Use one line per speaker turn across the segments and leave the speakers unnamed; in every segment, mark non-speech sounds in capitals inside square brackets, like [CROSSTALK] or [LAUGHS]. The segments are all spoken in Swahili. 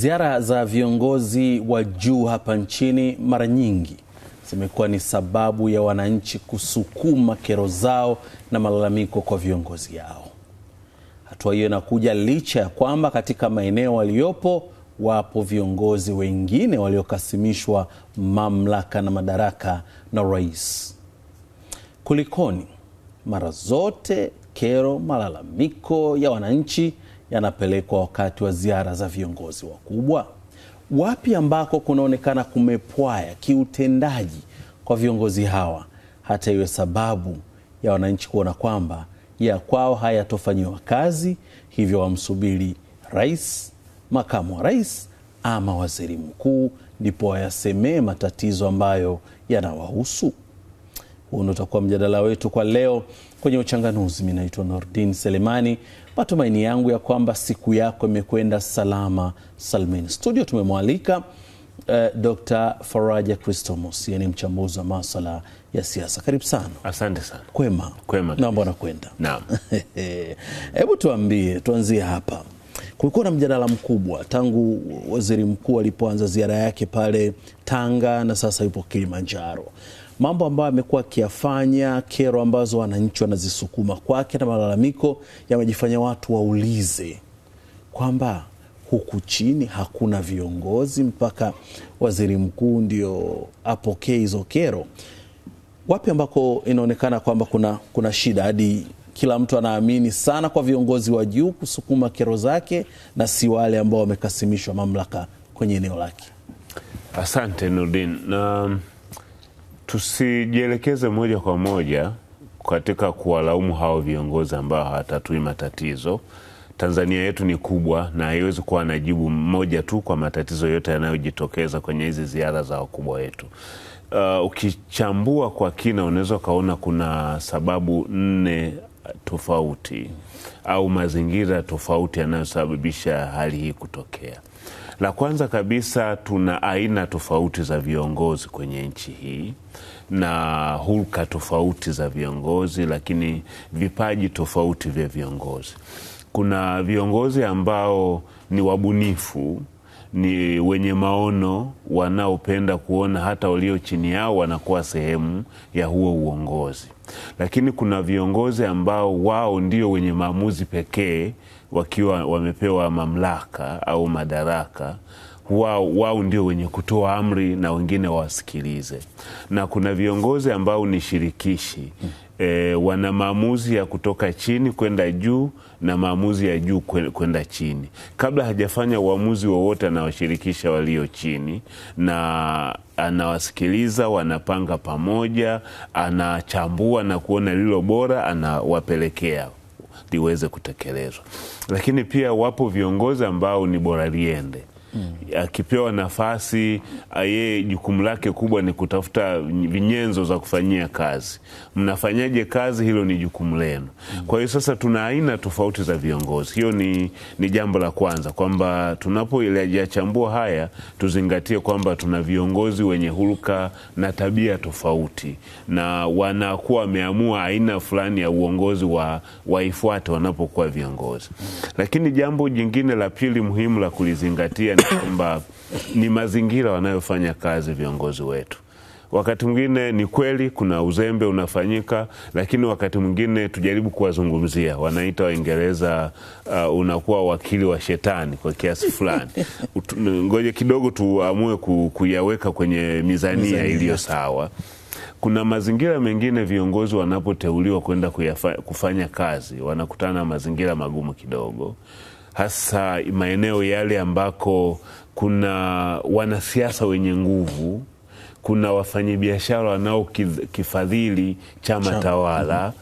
Ziara za viongozi wa juu hapa nchini mara nyingi zimekuwa ni sababu ya wananchi kusukuma kero zao na malalamiko kwa viongozi yao. Hatua hiyo inakuja licha ya kwamba katika maeneo waliopo wapo viongozi wengine waliokasimishwa mamlaka na madaraka na rais. Kulikoni? Mara zote kero, malalamiko ya wananchi yanapelekwa wakati wa ziara za viongozi wakubwa? Wapi ambako kunaonekana kumepwaya kiutendaji kwa viongozi hawa hata iwe sababu ya wananchi kuona kwamba ya kwao hayatofanyiwa kazi, hivyo wamsubiri rais, makamu wa rais ama waziri mkuu ndipo wayasemee matatizo ambayo yanawahusu? Huo ndo utakuwa mjadala wetu kwa leo kwenye Uchanganuzi. Mi naitwa Nordin Selemani. Matumaini yangu ya kwamba siku yako imekwenda salama salmin. Studio tumemwalika Uh, eh, Dr. Faraja Kristomus yani mchambuzi wa maswala ya siasa. Karibu sana. Asante sana. Kwema. Kwema. Naomba nakwenda. Naam. [LAUGHS] Hebu tuambie, tuanzie hapa. Kulikuwa na mjadala mkubwa tangu waziri mkuu alipoanza ziara yake pale Tanga na sasa yupo Kilimanjaro mambo ambayo amekuwa akiyafanya, kero ambazo wananchi wanazisukuma kwake na malalamiko yamejifanya watu waulize kwamba huku chini hakuna viongozi mpaka waziri mkuu ndio apokee hizo kero. Wapi ambako inaonekana kwamba kuna, kuna shida hadi kila mtu anaamini sana kwa viongozi wa juu kusukuma kero zake na si wale ambao wamekasimishwa mamlaka kwenye eneo lake?
Asante Nurdin. Um tusijielekeze moja kwa moja katika kuwalaumu hao viongozi ambao hawatatui matatizo. Tanzania yetu ni kubwa na haiwezi kuwa na jibu mmoja tu kwa matatizo yote yanayojitokeza kwenye hizi ziara za wakubwa wetu. Uh, ukichambua kwa kina unaweza ukaona kuna sababu nne tofauti au mazingira tofauti yanayosababisha hali hii kutokea. La kwanza kabisa, tuna aina tofauti za viongozi kwenye nchi hii na hulka tofauti za viongozi, lakini vipaji tofauti vya viongozi. Kuna viongozi ambao ni wabunifu, ni wenye maono, wanaopenda kuona hata walio chini yao wanakuwa sehemu ya huo uongozi, lakini kuna viongozi ambao wao ndio wenye maamuzi pekee wakiwa wamepewa mamlaka au madaraka wao wao ndio wenye kutoa amri na wengine wawasikilize, na kuna viongozi ambao ni shirikishi hmm. E, wana maamuzi ya kutoka chini kwenda juu na maamuzi ya juu kwenda chini. Kabla hajafanya uamuzi wowote, anawashirikisha walio chini na anawasikiliza, wanapanga pamoja, anachambua na kuona lilo bora, anawapelekea liweze kutekelezwa. Lakini pia wapo viongozi ambao ni bora liende mm. akipewa nafasi yeye, jukumu lake kubwa ni kutafuta vinyenzo za kufanyia kazi. Mnafanyaje kazi? Hilo ni jukumu lenu. mm. Kwa hiyo sasa tuna aina tofauti za viongozi. Hiyo ni, ni jambo la kwanza kwamba tunapoyachambua haya tuzingatie kwamba tuna viongozi wenye huruka na tabia tofauti, na wanakuwa wameamua aina fulani ya uongozi wa waifuate wanapokuwa viongozi. Lakini jambo jingine la pili muhimu la kulizingatia gani [COUGHS] kwamba ni mazingira wanayofanya kazi viongozi wetu. Wakati mwingine ni kweli kuna uzembe unafanyika, lakini wakati mwingine tujaribu kuwazungumzia, wanaita Waingereza uh, unakuwa wakili wa shetani kwa kiasi [LAUGHS] fulani. Ngoje kidogo tuamue kuyaweka kwenye mizania, mizania iliyo sawa. Kuna mazingira mengine viongozi wanapoteuliwa kwenda kufanya kazi wanakutana na mazingira magumu kidogo hasa maeneo yale ambako kuna wanasiasa wenye nguvu, kuna wafanyabiashara wanaokifadhili chama tawala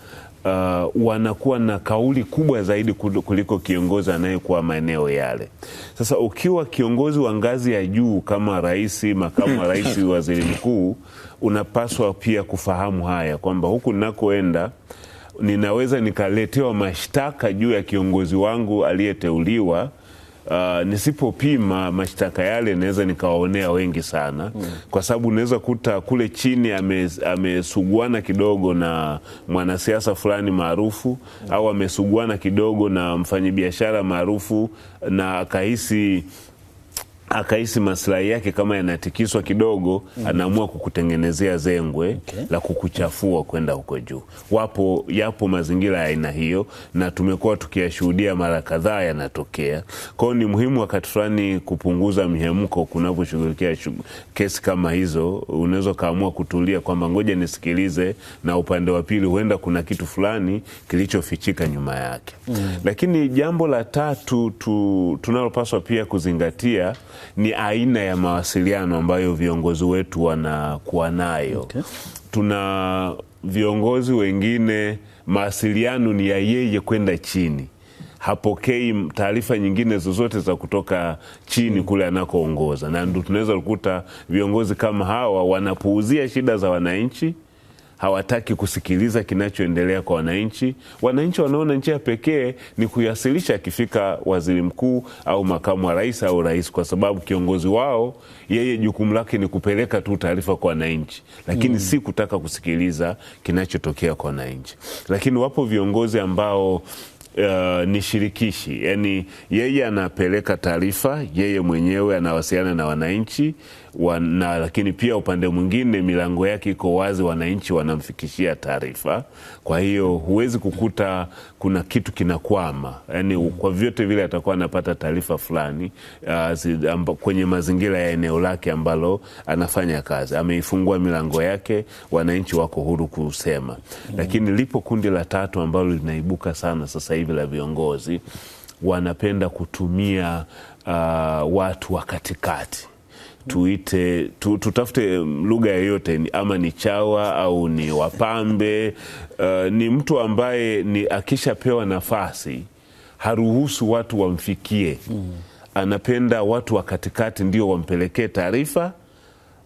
uh, wanakuwa na kauli kubwa zaidi kuliko kiongozi anayekuwa maeneo yale. Sasa ukiwa kiongozi wa ngazi ya juu kama rais, makamu wa rais, [LAUGHS] waziri mkuu, unapaswa pia kufahamu haya kwamba huku ninakoenda ninaweza nikaletewa mashtaka juu ya kiongozi wangu aliyeteuliwa. Uh, nisipopima mashtaka yale naweza nikawaonea wengi sana mm. Kwa sababu unaweza kuta kule chini amesuguana kidogo na mwanasiasa fulani maarufu mm. Au amesuguana kidogo na mfanyabiashara maarufu na akahisi akahisi maslahi yake kama yanatikiswa kidogo mm. hmm Anaamua kukutengenezea zengwe okay. la kukuchafua kwenda huko juu. Wapo, yapo mazingira ya aina hiyo, na tumekuwa tukiyashuhudia mara kadhaa yanatokea. kwao ni muhimu wakati fulani kupunguza mhemko kunavyoshughulikia kesi kama hizo. Unaweza ukaamua kutulia kwamba ngoja nisikilize, na upande wa pili huenda kuna kitu fulani kilichofichika nyuma yake mm. hmm Lakini jambo la tatu tu, tunalopaswa pia kuzingatia ni aina ya mawasiliano ambayo viongozi wetu wanakuwa nayo. Okay. Tuna viongozi wengine mawasiliano ni ya yeye kwenda chini hapokei taarifa nyingine zozote za kutoka chini kule anakoongoza, na ndo tunaweza kukuta viongozi kama hawa wanapuuzia shida za wananchi hawataki kusikiliza kinachoendelea kwa wananchi. Wananchi wanaona njia pekee ni kuyasilisha akifika waziri mkuu au makamu wa rais au rais, kwa sababu kiongozi wao yeye jukumu lake ni kupeleka tu taarifa kwa wananchi, lakini mm, si kutaka kusikiliza kinachotokea kwa wananchi. Lakini wapo viongozi ambao Uh, ni shirikishi, yani, yeye anapeleka taarifa, yeye mwenyewe anawasiliana na wananchi wana, lakini pia upande mwingine milango yake iko wazi, wananchi wanamfikishia taarifa. Kwa hiyo huwezi kukuta kuna kitu kinakwama, yani kwa vyote vile atakuwa anapata taarifa fulani uh, kwenye mazingira ya eneo lake ambalo anafanya kazi. Ameifungua milango yake, wananchi wako huru kusema Lakini lipo kundi la tatu ambalo linaibuka sana sasa hivi la viongozi wanapenda kutumia uh, watu wa katikati Mm-hmm. tuite tu, tutafute um, lugha yoyote, ama ni chawa au ni wapambe [LAUGHS] uh, ni mtu ambaye ni akishapewa nafasi haruhusu watu wamfikie mm. Anapenda watu wa katikati ndio wampelekee taarifa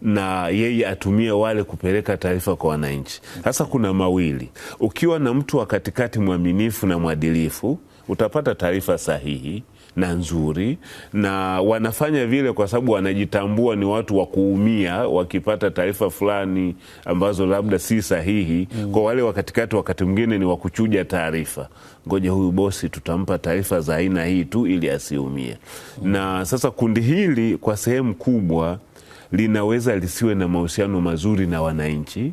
na yeye atumie wale kupeleka taarifa kwa wananchi. Sasa kuna mawili, ukiwa na mtu wa katikati mwaminifu na mwadilifu utapata taarifa sahihi na nzuri, na wanafanya vile kwa sababu wanajitambua ni watu wa kuumia wakipata taarifa fulani ambazo labda si sahihi. Mm. Kwa wale wakatikati, wakati mwingine ni wakuchuja taarifa, ngoja huyu bosi tutampa taarifa za aina hii tu ili asiumie. Mm. Na sasa kundi hili kwa sehemu kubwa linaweza lisiwe na mahusiano mazuri na wananchi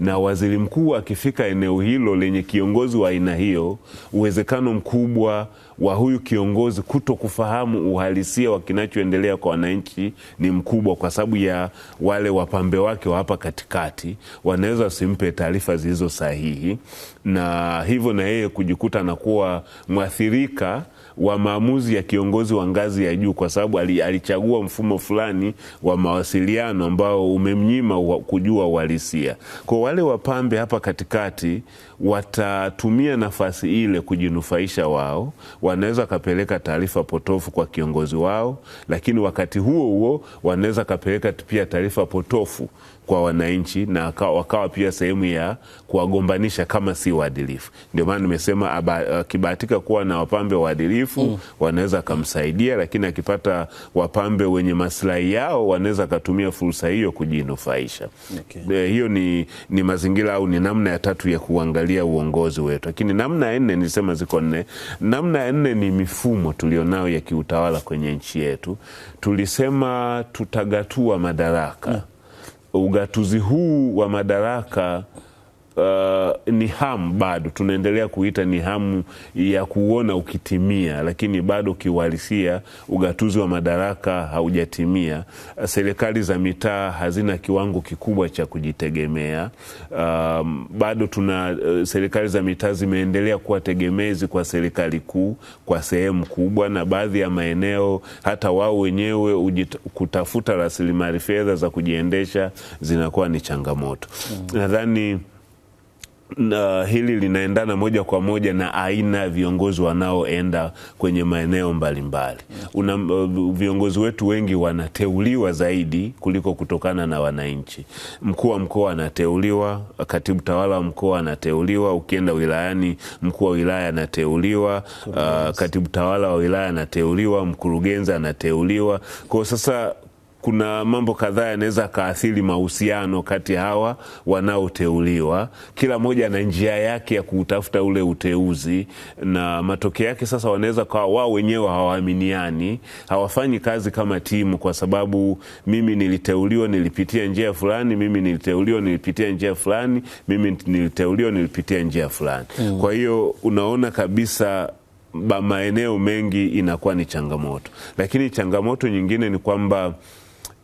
na waziri mkuu akifika eneo hilo lenye kiongozi wa aina hiyo, uwezekano mkubwa wa huyu kiongozi kuto kufahamu uhalisia wa kinachoendelea kwa wananchi ni mkubwa, kwa sababu ya wale wapambe wake wa hapa katikati wanaweza wasimpe taarifa zilizo sahihi, na hivyo na yeye kujikuta anakuwa mwathirika wa maamuzi ya kiongozi wa ngazi ya juu, kwa sababu alichagua mfumo fulani wa mawasiliano ambao umemnyima kujua uhalisia. Kwa wale wapambe hapa katikati watatumia nafasi ile kujinufaisha wao, wanaweza wakapeleka taarifa potofu kwa kiongozi wao, lakini wakati huo huo wanaweza wakapeleka pia taarifa potofu kwa wananchi na wakawa pia sehemu ya kuwagombanisha kama si waadilifu. Ndio maana nimesema akibahatika eh, kuwa na wapambe waadilifu mm. wanaweza akamsaidia, lakini akipata wapambe wenye maslahi yao wanaweza akatumia fursa hiyo kujinufaisha. Okay. Eh, hiyo ni, ni mazingira au ni namna ya tatu ya kuangalia uongozi wetu, lakini namna ya nne nilisema ziko nne. Namna ya nne ni mifumo tulionayo ya kiutawala kwenye nchi yetu. Tulisema tutagatua madaraka mm ugatuzi huu wa madaraka uh, ni hamu bado tunaendelea kuita ni hamu ya kuona ukitimia, lakini bado kiuhalisia ugatuzi wa madaraka haujatimia. Uh, serikali za mitaa hazina kiwango kikubwa cha kujitegemea. Um, bado tuna uh, serikali za mitaa zimeendelea kuwa tegemezi kwa serikali kuu kwa sehemu kubwa, na baadhi ya maeneo hata wao wenyewe kutafuta rasilimali fedha za kujiendesha zinakuwa ni changamoto mm. nadhani na hili linaendana moja kwa moja na aina ya viongozi wanaoenda kwenye maeneo mbalimbali mbali. Viongozi wetu wengi wanateuliwa zaidi kuliko kutokana na wananchi. Mkuu wa mkoa anateuliwa, katibu tawala wa mkoa anateuliwa, ukienda wilayani mkuu wa wilaya anateuliwa, uh, katibu tawala wa wilaya anateuliwa, mkurugenzi anateuliwa. Kwa sasa kuna mambo kadhaa yanaweza kaathiri mahusiano kati ya hawa wanaoteuliwa. Kila mmoja ana njia yake ya kutafuta ule uteuzi, na matokeo yake sasa wanaweza kawa wao wenyewe hawaaminiani, hawafanyi kazi kama timu, kwa sababu mimi niliteuliwa nilipitia njia fulani, mimi niliteuliwa nilipitia njia fulani, mimi niliteuliwa nilipitia njia fulani mm. Kwa hiyo unaona kabisa ba maeneo mengi inakuwa ni changamoto, lakini changamoto nyingine ni kwamba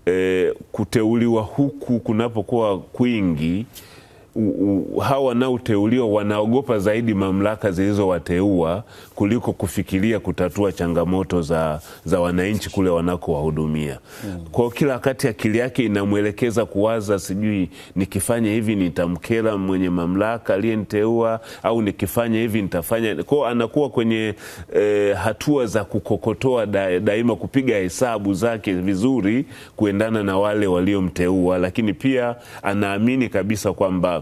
eh, kuteuliwa huku kunapokuwa kwingi hawa wanaoteuliwa wanaogopa zaidi mamlaka zilizowateua kuliko kufikiria kutatua changamoto za, za wananchi kule wanakowahudumia. Mm. Kwa kila wakati akili yake inamwelekeza kuwaza, sijui nikifanya hivi nitamkera mwenye mamlaka aliyeniteua, au nikifanya hivi nitafanya kwao. Anakuwa kwenye e, hatua za kukokotoa da, daima kupiga hesabu zake vizuri kuendana na wale waliomteua, lakini pia anaamini kabisa kwamba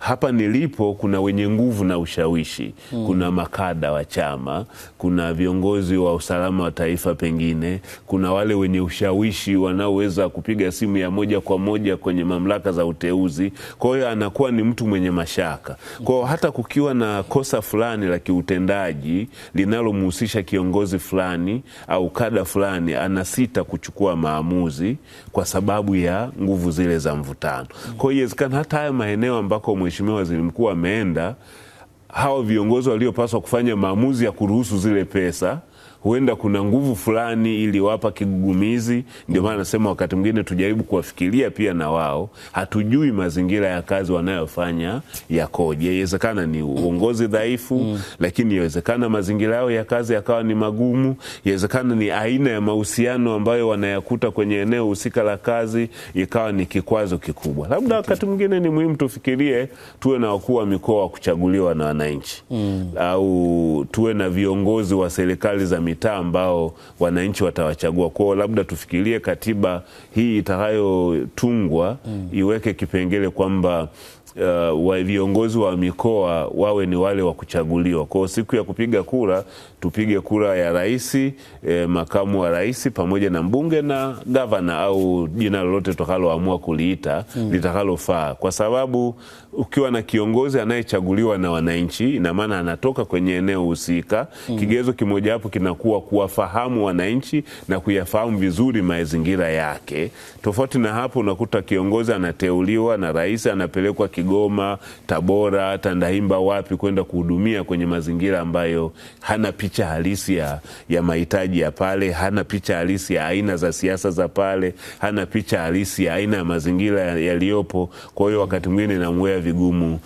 hapa nilipo kuna wenye nguvu na ushawishi hmm. Kuna makada wa chama, kuna viongozi wa usalama wa taifa, pengine kuna wale wenye ushawishi wanaoweza kupiga simu ya moja kwa moja kwenye mamlaka za uteuzi. Kwa hiyo anakuwa ni mtu mwenye mashaka. Kwa hiyo hata kukiwa na kosa fulani la kiutendaji linalomhusisha kiongozi fulani au kada fulani, anasita kuchukua maamuzi kwa sababu ya nguvu zile za mvutano. Kwa hiyo iwezekana hata haya maeneo ambako Mheshimiwa Waziri Mkuu ameenda, hawa viongozi waliopaswa kufanya maamuzi ya kuruhusu zile pesa huenda kuna nguvu fulani iliwapa kigugumizi. Ndio maana nasema wakati mwingine tujaribu kuwafikiria pia na wao, hatujui mazingira ya kazi wanayofanya yakoje. Iwezekana ni uongozi dhaifu mm. Lakini yawezekana mazingira yao ya kazi yakawa ni magumu. Yawezekana ni aina ya mahusiano ambayo wanayakuta kwenye eneo husika la kazi ikawa ni kikwazo kikubwa. Labda wakati mwingine ni muhimu tufikirie, tuwe na wakuu wa mikoa wa kuchaguliwa na wananchi mm. au tuwe na viongozi wa serikali za mitaa ambao wananchi watawachagua kwao. Labda tufikirie katiba hii itakayotungwa mm. iweke kipengele kwamba uh, wa viongozi wa mikoa wawe ni wale wa kuchaguliwa. Kwa siku ya kupiga kura tupige kura ya rais, eh, makamu wa rais pamoja na mbunge na gavana au jina lolote tutakaloamua kuliita mm. litakalofaa, kwa sababu ukiwa na kiongozi anayechaguliwa na wananchi, ina maana anatoka kwenye eneo husika mm. kigezo kimoja hapo kinakuwa kuwafahamu wananchi na kuyafahamu vizuri mazingira yake. Tofauti na hapo, unakuta kiongozi anateuliwa na rais, anapelekwa Kigoma, Tabora, Tandahimba, wapi kwenda kuhudumia kwenye mazingira ambayo hana picha halisi ya, ya mahitaji ya pale, hana picha halisi ya aina za siasa za pale, hana picha halisi ya aina ya mazingira yaliyopo. Kwa hiyo wakati mwingine inamwea vigumu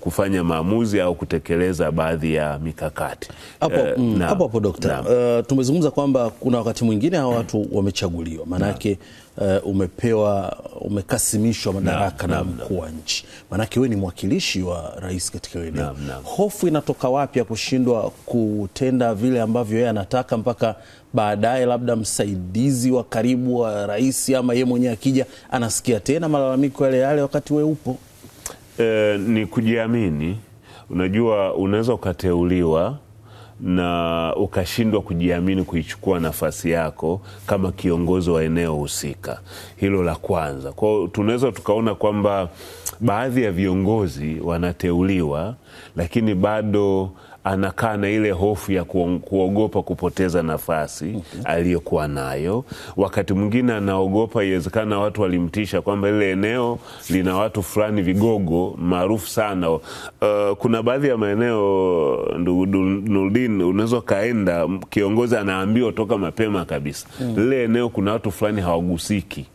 kufanya maamuzi au kutekeleza baadhi ya mikakati
hapo eh, mm, hapo. Uh, mm, dokta, uh, tumezungumza kwamba kuna wakati mwingine hawa watu wamechaguliwa maanake uh, umepewa umekasimishwa madaraka na mkuu wa nchi, maanake wewe ni mwakilishi wa rais katika eneo. Hofu inatoka wapi ya kushindwa kutenda vile ambavyo yeye anataka mpaka baadaye labda msaidizi wa karibu wa rais ama yeye mwenyewe akija anasikia tena malalamiko yale yale wakati wewe upo?
E, ni kujiamini. Unajua, unaweza ukateuliwa na ukashindwa kujiamini kuichukua nafasi yako kama kiongozi wa eneo husika. Hilo la kwanza. Kwao tunaweza tukaona kwamba baadhi ya viongozi wanateuliwa, lakini bado anakaa na ile hofu ya kuogopa kupoteza nafasi okay, aliyokuwa nayo. Wakati mwingine anaogopa, iwezekana watu walimtisha kwamba ile eneo lina watu fulani vigogo maarufu sana. Uh, kuna baadhi ya maeneo Nurdin, unaweza ukaenda, kiongozi anaambiwa toka mapema kabisa, hmm. lile eneo kuna watu fulani hawagusiki.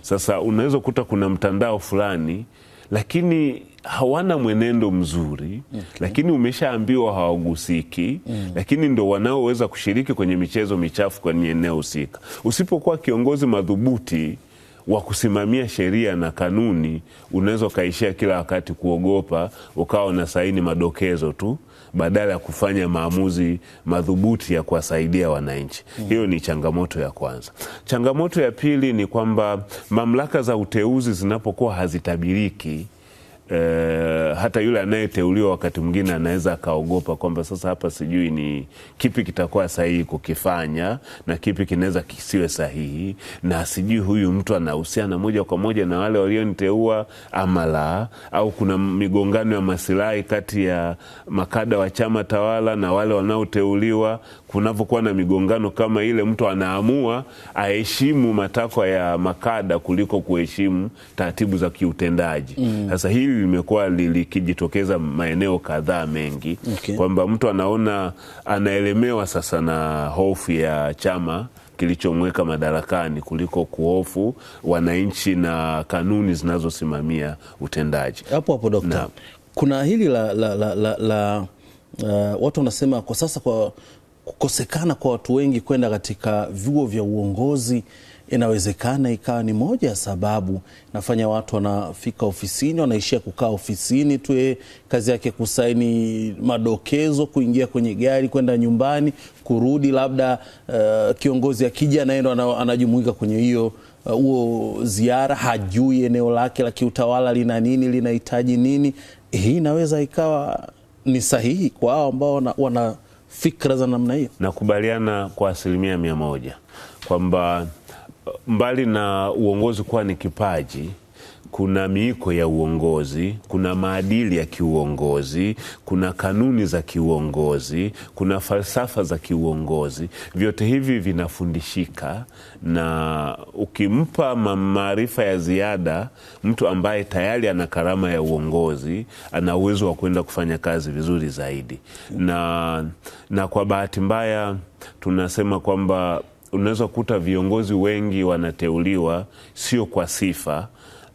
Sasa unaweza kuta kuna mtandao fulani lakini hawana mwenendo mzuri okay. Lakini umeshaambiwa hawagusiki mm. Lakini ndo wanaoweza kushiriki kwenye michezo michafu kwenye eneo husika. Usipokuwa kiongozi madhubuti wa kusimamia sheria na kanuni, unaweza ukaishia kila wakati kuogopa, ukawa na saini madokezo tu badala ya kufanya maamuzi madhubuti ya kuwasaidia wananchi mm. Hiyo ni changamoto ya kwanza. Changamoto ya pili ni kwamba mamlaka za uteuzi zinapokuwa hazitabiriki Eh, hata yule anayeteuliwa wakati mwingine anaweza akaogopa kwamba sasa hapa sijui ni kipi kitakuwa sahihi kukifanya na kipi kinaweza kisiwe sahihi, na sijui huyu mtu anahusiana moja kwa moja na wale walioniteua ama la, au kuna migongano ya masilahi kati ya makada wa chama tawala na wale wanaoteuliwa kunavyokuwa na migongano kama ile, mtu anaamua aheshimu matakwa ya makada kuliko kuheshimu taratibu za kiutendaji. Mm. Sasa mm. hili limekuwa likijitokeza maeneo kadhaa mengi okay. kwamba mtu anaona anaelemewa sasa na hofu ya chama kilichomweka madarakani kuliko kuhofu wananchi na kanuni zinazosimamia utendaji.
Hapo hapo dokta, kuna hili la, la, la, la, la uh, watu wanasema kwa sasa kwa kukosekana kwa watu wengi kwenda katika vyuo vya uongozi inawezekana ikawa ni moja ya sababu nafanya watu wanafika ofisini wanaishia kukaa ofisini tu, eh, kazi yake kusaini madokezo, kuingia kwenye gari kwenda nyumbani, kurudi. Labda uh, kiongozi akija anaenda anajumuika kwenye hiyo eh, huo uh, ziara, hajui eneo lake la kiutawala lina nini, linahitaji nini. Hii inaweza ikawa ni sahihi kwa hao ambao wana, wana fikra za namna hiyo?
Nakubaliana kwa asilimia mia moja kwamba eh, mbali na uongozi kuwa ni kipaji kuna miiko ya uongozi, kuna maadili ya kiuongozi, kuna kanuni za kiuongozi, kuna falsafa za kiuongozi. Vyote hivi vinafundishika, na ukimpa maarifa ya ziada mtu ambaye tayari ana karama ya uongozi, ana uwezo wa kwenda kufanya kazi vizuri zaidi. Na, na kwa bahati mbaya tunasema kwamba unaweza kukuta viongozi wengi wanateuliwa sio kwa sifa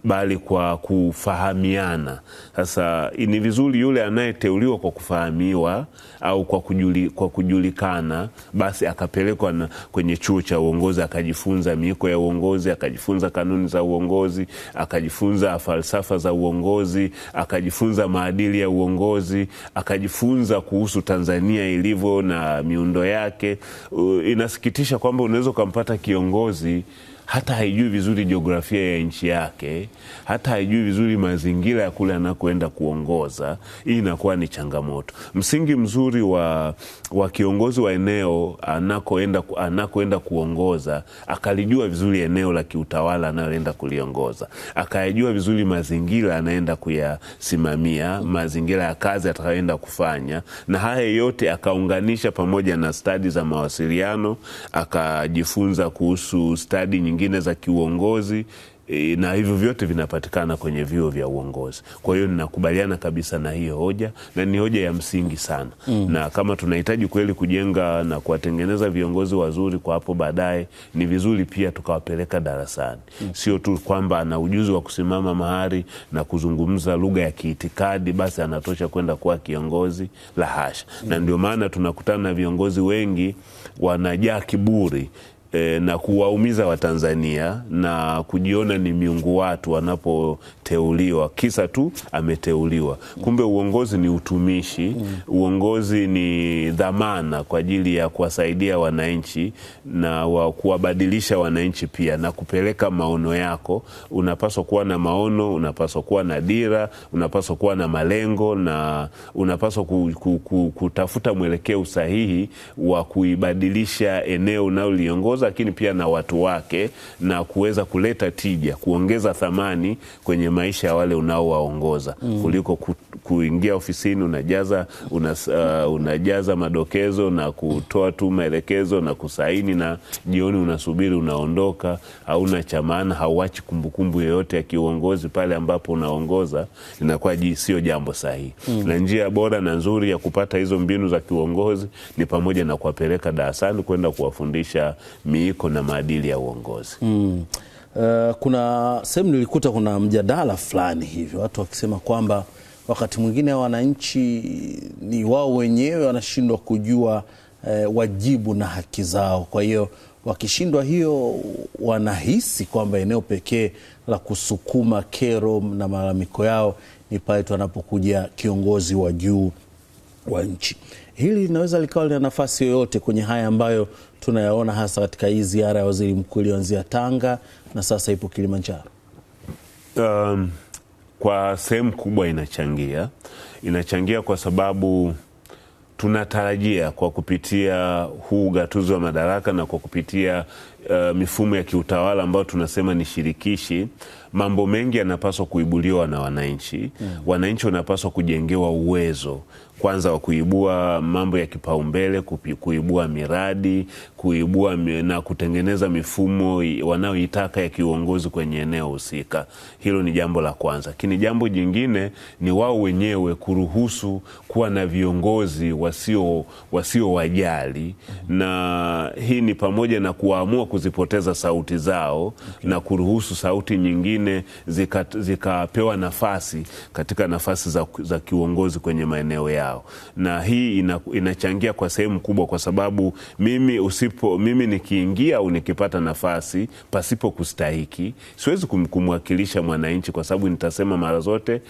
bali kwa kufahamiana. Sasa ni vizuri yule anayeteuliwa kwa kufahamiwa au kwa, kujuli, kwa kujulikana, basi akapelekwa kwenye chuo cha uongozi akajifunza miiko ya uongozi, akajifunza kanuni za uongozi, akajifunza falsafa za uongozi, akajifunza maadili ya uongozi, akajifunza kuhusu Tanzania ilivyo na miundo yake. Inasikitisha kwamba unaweza ukampata kiongozi hata haijui vizuri jiografia ya nchi yake, hata haijui vizuri mazingira ya kule anakoenda kuongoza. Hii inakuwa ni changamoto. Msingi mzuri wa, wa kiongozi wa eneo anakoenda, anakoenda kuongoza akalijua vizuri eneo la kiutawala anayoenda kuliongoza, akayajua vizuri mazingira anaenda kuyasimamia, mazingira ya kazi atakayoenda kufanya, na haya yote akaunganisha pamoja na stadi za mawasiliano, akajifunza kuhusu stadi nyingine za kiuongozi e, na hivyo vyote vinapatikana kwenye vyuo vya uongozi. Kwa hiyo ninakubaliana kabisa na hiyo hoja na ni hoja ya msingi sana mm. Na kama tunahitaji kweli kujenga na kuwatengeneza viongozi wazuri kwa hapo baadaye, ni vizuri pia tukawapeleka darasani mm. Sio tu kwamba ana ujuzi wa kusimama mahali na kuzungumza lugha ya kiitikadi basi anatosha kwenda kuwa kiongozi, la hasha mm. Na ndio maana tunakutana na viongozi wengi wanajaa kiburi e, na kuwaumiza Watanzania na kujiona ni miungu watu wanapoteuliwa, kisa tu ameteuliwa. Kumbe uongozi ni utumishi Uongozi ni dhamana kwa ajili ya kuwasaidia wananchi na wa kuwabadilisha wananchi pia na kupeleka maono yako. Unapaswa kuwa na maono, unapaswa kuwa na dira, unapaswa kuwa na malengo na unapaswa ku, ku, ku, kutafuta mwelekeo sahihi wa kuibadilisha eneo unaoliongoza lakini pia na watu wake na kuweza kuleta tija, kuongeza thamani kwenye maisha ya wale unaowaongoza mm. kuliko kuingia ofisini unajaza, una, uh, unajaza madokezo na kutoa tu maelekezo na kusaini, na jioni unasubiri, unaondoka, hauna cha maana, hauachi kumbukumbu yoyote ya kiuongozi pale ambapo unaongoza, inakuwa sio jambo sahihi mm. Na njia bora na nzuri ya kupata hizo mbinu za kiuongozi ni pamoja na kuwapeleka darasani kwenda kuwafundisha miiko na maadili ya uongozi
mm. Uh, kuna sehemu nilikuta kuna mjadala fulani hivyo watu wakisema kwamba wakati mwingine wananchi ni wao wenyewe wanashindwa kujua e, wajibu na haki zao. Kwa hiyo wakishindwa hiyo, wanahisi kwamba eneo pekee la kusukuma kero na malalamiko yao ni pale tu wanapokuja kiongozi wa juu wa nchi. Hili linaweza likawa lina nafasi yoyote kwenye haya ambayo tunayaona hasa katika hii ziara ya waziri mkuu iliyoanzia Tanga na sasa ipo Kilimanjaro.
um kwa sehemu kubwa inachangia. Inachangia kwa sababu tunatarajia kwa kupitia huu ugatuzi wa madaraka na kwa kupitia uh, mifumo ya kiutawala ambayo tunasema ni shirikishi, mambo mengi yanapaswa kuibuliwa na wananchi mm. Wananchi wanapaswa kujengewa uwezo kwanza wa kuibua mambo ya kipaumbele, kuibua miradi, kuibua na kutengeneza mifumo wanayoitaka ya kiuongozi kwenye eneo husika. Hilo ni jambo la kwanza, lakini jambo jingine ni wao wenyewe kuruhusu kuwa na viongozi wasio wasio wajali, mm-hmm. na hii ni pamoja na kuamua kuzipoteza sauti zao okay, na kuruhusu sauti nyingine zikapewa zika nafasi katika nafasi za, za kiuongozi kwenye maeneo yao yao, na hii ina, inachangia kwa sehemu kubwa, kwa sababu mimi usipo mimi nikiingia au nikipata nafasi pasipo kustahiki siwezi kumwakilisha mwananchi, kwa sababu nitasema mara zote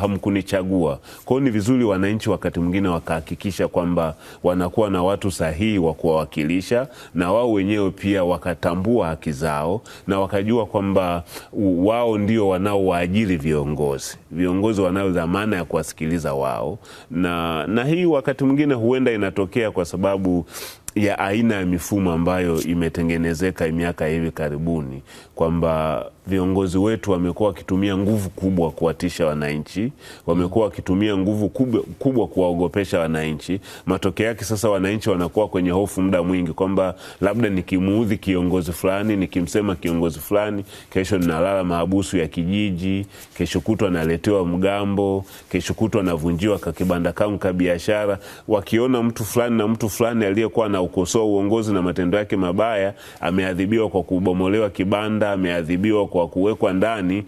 hamkunichagua. Kwa hiyo ni vizuri wananchi wakati mwingine wakahakikisha kwamba wanakuwa na watu sahihi wa kuwawakilisha na wao wenyewe pia wakatambua haki zao na wakajua kwamba wao ndio wanaowaajiri viongozi. Viongozi wanayo dhamana ya kuwasikiliza wao na na, hii wakati mwingine huenda inatokea kwa sababu ya aina ya mifumo ambayo imetengenezeka miaka hivi karibuni kwamba viongozi wetu wamekuwa wakitumia nguvu kubwa kuwatisha wananchi, wamekuwa wakitumia nguvu kubwa, kubwa kuwaogopesha wananchi. Matokeo yake sasa wananchi wanakuwa kwenye hofu muda mwingi kwamba labda nikimuudhi kiongozi fulani, nikimsema kiongozi fulani, kesho ninalala mahabusu ya kijiji, kesho kutwa naletewa mgambo, kesho kutwa navunjiwa kakibanda kangu ka biashara. Wakiona mtu fulani na mtu fulani aliyekuwa anaukosoa uongozi na matendo yake mabaya ameadhibiwa kwa kubomolewa kibanda, ameadhibiwa kwa kwa kuwekwa ndani,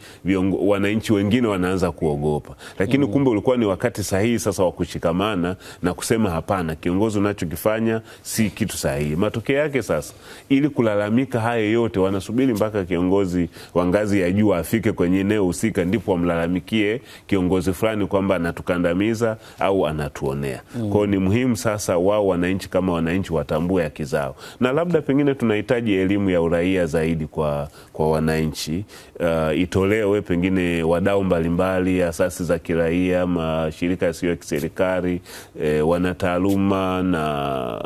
wananchi wengine wanaanza kuogopa, lakini mm. kumbe ulikuwa ni wakati sahihi sasa wa kushikamana na kusema hapana, kiongozi unachokifanya si kitu sahihi. Matokeo yake sasa, ili kulalamika haya yote, wanasubiri mpaka kiongozi wa ngazi ya juu afike kwenye eneo husika, ndipo wamlalamikie kiongozi fulani kwamba anatukandamiza au anatuonea mm. kwao. Ni muhimu sasa wao wananchi kama wananchi watambue haki zao, na labda pengine tunahitaji elimu ya uraia zaidi kwa, kwa wananchi uh, itolewe pengine wadau mbalimbali, asasi za kiraia, mashirika yasiyo ya kiserikali eh, wanataaluma na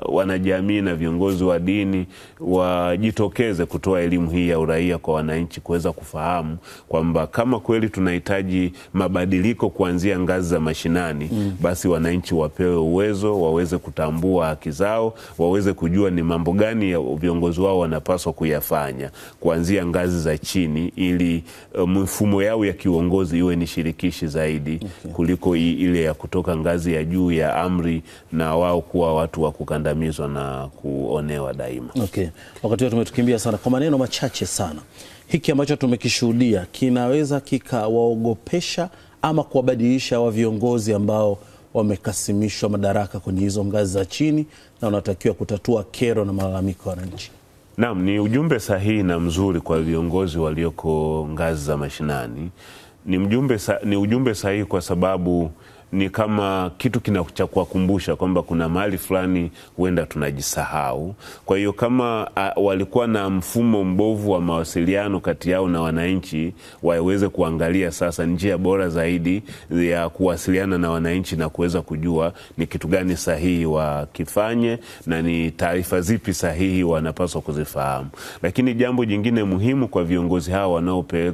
wanajamii na viongozi wa dini wajitokeze kutoa elimu hii ya uraia kwa wananchi kuweza kufahamu kwamba kama kweli tunahitaji mabadiliko kuanzia ngazi za mashinani mm. basi wananchi wapewe uwezo waweze kutambua haki zao, waweze kujua ni mambo gani ya viongozi wao wanapaswa kuyafanya kuanzia ngazi za chini chini ili eh, mifumo um, yao ya kiuongozi iwe ni shirikishi zaidi okay, kuliko ile ya kutoka ngazi ya juu ya amri na wao kuwa watu wa kukandamizwa na kuonewa daima.
Okay, wakati huo tumetukimbia sana. Kwa maneno machache sana, hiki ambacho tumekishuhudia kinaweza kikawaogopesha ama kuwabadilisha wa viongozi ambao wamekasimishwa madaraka kwenye hizo ngazi za chini na wanatakiwa kutatua kero na malalamiko ya wananchi.
Naam, ni ujumbe sahihi na mzuri kwa viongozi walioko ngazi za mashinani. Ni, mjumbe sa, ni ujumbe sahihi kwa sababu ni kama kitu kina cha kuwakumbusha kwamba kuna mahali fulani huenda tunajisahau. Kwa hiyo kama a, walikuwa na mfumo mbovu wa mawasiliano kati yao na wananchi, waweze kuangalia sasa njia bora zaidi ya kuwasiliana na wananchi na kuweza kujua ni kitu gani sahihi wakifanye na ni taarifa zipi sahihi wanapaswa kuzifahamu. Lakini jambo jingine muhimu kwa viongozi hawa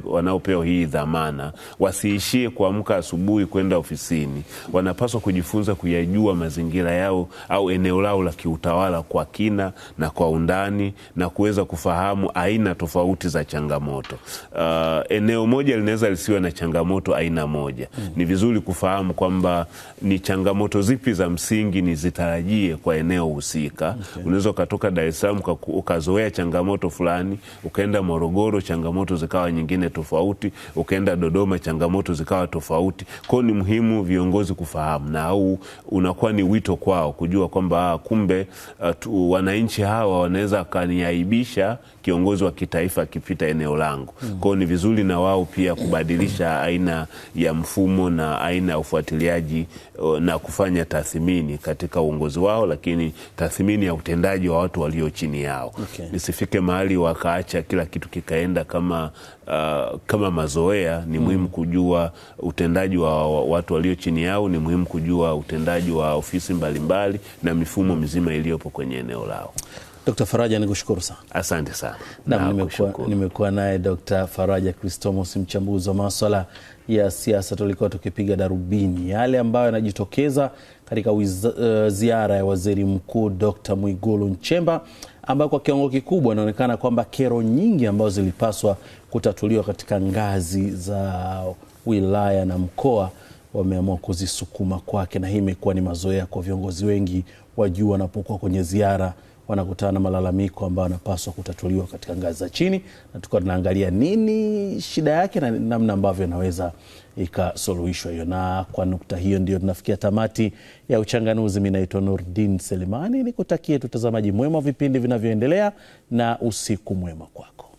wanaopewa hii dhamana, wasiishie kuamka asubuhi kwenda ofisini wanapaswa kujifunza kuyajua mazingira yao au eneo lao la kiutawala kwa kina na kwa undani na kuweza kufahamu aina tofauti za changamoto. Uh, eneo moja linaweza lisiwe na changamoto aina moja. Mm. Ni vizuri kufahamu kwamba ni changamoto zipi za msingi nizitarajie kwa eneo husika. Okay. Unaweza ukatoka Dar es Salaam ukazoea changamoto fulani, ukaenda Morogoro changamoto zikawa nyingine tofauti, ukaenda Dodoma changamoto zikawa tofauti. Kwao ni muhimu viongozi hauwezi kufahamu na au unakuwa ni wito kwao kujua kwamba ah, kumbe uh, wananchi hawa wanaweza wakaniaibisha kiongozi wa kitaifa akipita eneo langu mm. Kwao ni vizuri na wao pia kubadilisha aina ya mfumo na aina ya ufuatiliaji uh, na kufanya tathmini katika uongozi wao, lakini tathmini ya utendaji wa watu walio chini yao okay. Nisifike mahali wakaacha kila kitu kikaenda kama, uh, kama mazoea. Ni hmm. muhimu kujua utendaji wa watu walio chini maoni yao, ni muhimu kujua utendaji wa ofisi mbalimbali mbali, na mifumo mizima iliyopo kwenye eneo lao.
Dr. Faraja nikushukuru sana.
Asante sana.
na nimekuwa naye Dr. Faraja Kristomus, mchambuzi wa maswala ya siasa. Tulikuwa tukipiga darubini yale ambayo yanajitokeza katika uh, ziara ya Waziri Mkuu Dr. Mwigulu Nchemba ambayo kwa kiwango kikubwa inaonekana kwamba kero nyingi ambazo zilipaswa kutatuliwa katika ngazi za wilaya na mkoa wameamua kuzisukuma kwake, na hii imekuwa ni mazoea kwa viongozi wengi wa juu wanapokuwa kwenye ziara wanakutana na malalamiko ambayo anapaswa kutatuliwa katika ngazi za chini, na tukawa tunaangalia nini shida yake na namna ambavyo inaweza ikasuluhishwa hiyo. Na kwa nukta hiyo ndio tunafikia tamati ya uchanganuzi. Mi naitwa Nurdin Selemani, nikutakie tutazamaji mwema wa vipindi vinavyoendelea na usiku mwema kwako.